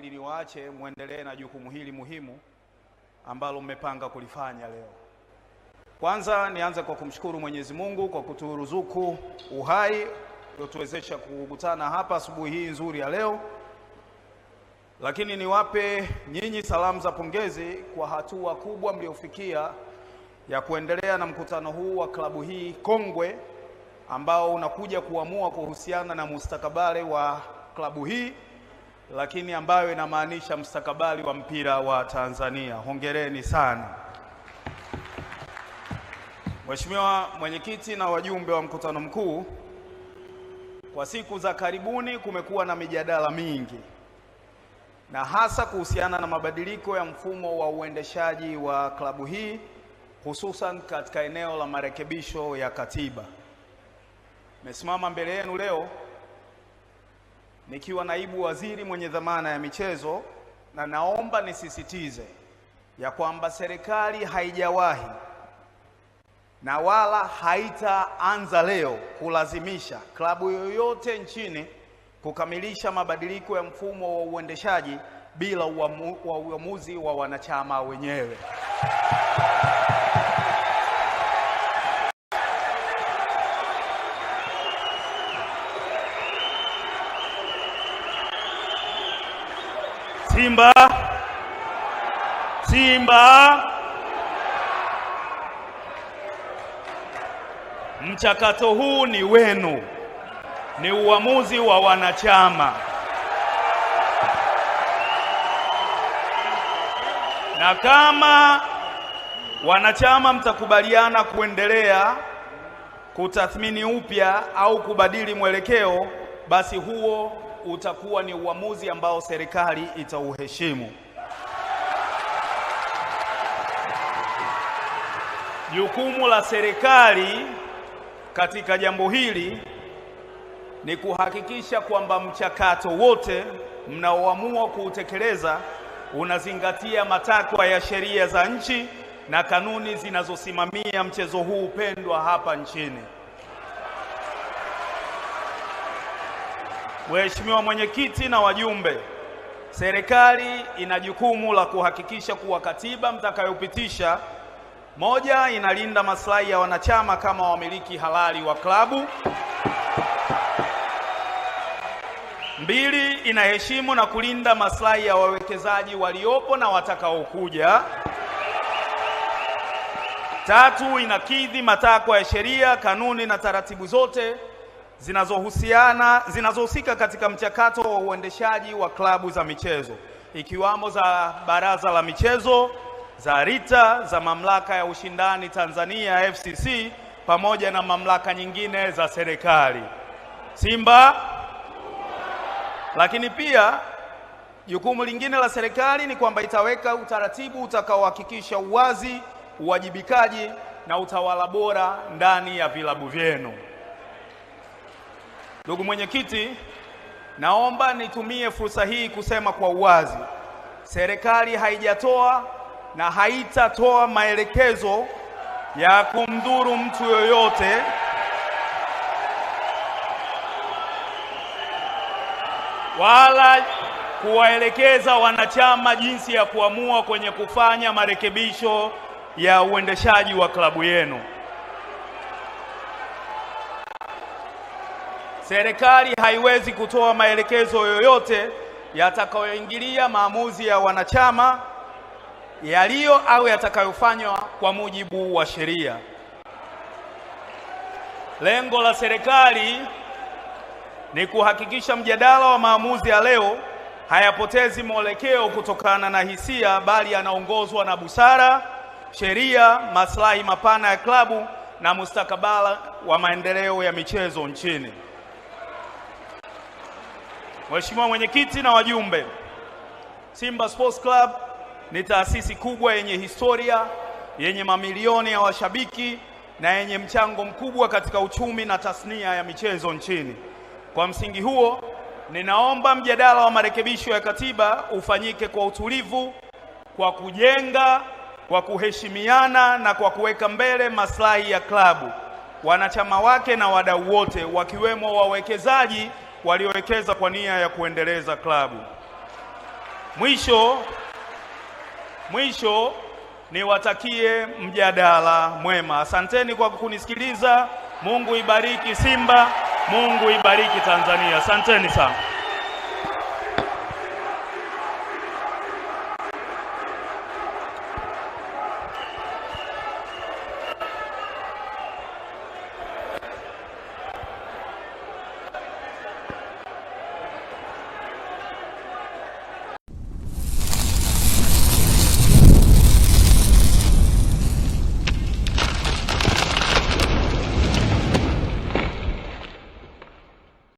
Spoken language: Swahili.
ili niwaache mwendelee na jukumu hili muhimu ambalo mmepanga kulifanya leo. Kwanza nianze kwa kumshukuru Mwenyezi Mungu kwa kuturuzuku uhai uliotuwezesha kukutana hapa asubuhi hii nzuri ya leo, lakini niwape nyinyi salamu za pongezi kwa hatua kubwa mliofikia ya kuendelea na mkutano huu wa klabu hii kongwe ambao unakuja kuamua kuhusiana na mustakabali wa klabu hii lakini ambayo inamaanisha mstakabali wa mpira wa Tanzania. Hongereni sana. Mheshimiwa Mwenyekiti na wajumbe wa mkutano mkuu, kwa siku za karibuni kumekuwa na mijadala mingi na hasa kuhusiana na mabadiliko ya mfumo wa uendeshaji wa klabu hii hususan katika eneo la marekebisho ya katiba. Nimesimama mbele yenu leo nikiwa naibu waziri mwenye dhamana ya michezo, na naomba nisisitize ya kwamba serikali haijawahi na wala haitaanza leo kulazimisha klabu yoyote nchini kukamilisha mabadiliko ya mfumo wa uendeshaji bila uamuzi wa wanachama wenyewe. Simba, Simba. Mchakato huu ni wenu, ni uamuzi wa wanachama, na kama wanachama mtakubaliana kuendelea kutathmini upya au kubadili mwelekeo, basi huo utakuwa ni uamuzi ambao serikali itauheshimu. Jukumu la serikali katika jambo hili ni kuhakikisha kwamba mchakato wote mnaoamua kuutekeleza unazingatia matakwa ya sheria za nchi na kanuni zinazosimamia mchezo huu pendwa hapa nchini. Mheshimiwa Mwenyekiti na wajumbe, serikali ina jukumu la kuhakikisha kuwa katiba mtakayopitisha, moja, inalinda maslahi ya wanachama kama wamiliki halali wa klabu; mbili, inaheshimu na kulinda maslahi ya wawekezaji waliopo na watakaokuja; tatu, inakidhi matakwa ya sheria, kanuni na taratibu zote zinazohusiana zinazohusika katika mchakato wa uendeshaji wa klabu za michezo ikiwamo za baraza la michezo za RITA za mamlaka ya ushindani Tanzania FCC pamoja na mamlaka nyingine za serikali. Simba! Lakini pia jukumu lingine la serikali ni kwamba itaweka utaratibu utakaohakikisha uwazi, uwajibikaji na utawala bora ndani ya vilabu vyenu. Ndugu mwenyekiti, naomba nitumie fursa hii kusema kwa uwazi, serikali haijatoa na haitatoa maelekezo ya kumdhuru mtu yoyote. wala kuwaelekeza wanachama jinsi ya kuamua kwenye kufanya marekebisho ya uendeshaji wa klabu yenu. Serikali haiwezi kutoa maelekezo yoyote yatakayoingilia maamuzi ya wanachama yaliyo au yatakayofanywa kwa mujibu wa sheria. Lengo la serikali ni kuhakikisha mjadala wa maamuzi ya leo hayapotezi mwelekeo kutokana na hisia, bali yanaongozwa na busara, sheria, maslahi mapana ya klabu na mustakabala wa maendeleo ya michezo nchini. Mheshimiwa mwenyekiti na wajumbe, Simba Sports Club ni taasisi kubwa yenye historia, yenye mamilioni ya washabiki na yenye mchango mkubwa katika uchumi na tasnia ya michezo nchini. Kwa msingi huo, ninaomba mjadala wa marekebisho ya katiba ufanyike kwa utulivu, kwa kujenga, kwa kuheshimiana na kwa kuweka mbele maslahi ya klabu, wanachama wake na wadau wote, wakiwemo wawekezaji waliowekeza kwa nia ya kuendeleza klabu. Mwisho, mwisho niwatakie mjadala mwema. Asanteni kwa kunisikiliza. Mungu ibariki Simba, Mungu ibariki Tanzania. Asanteni sana.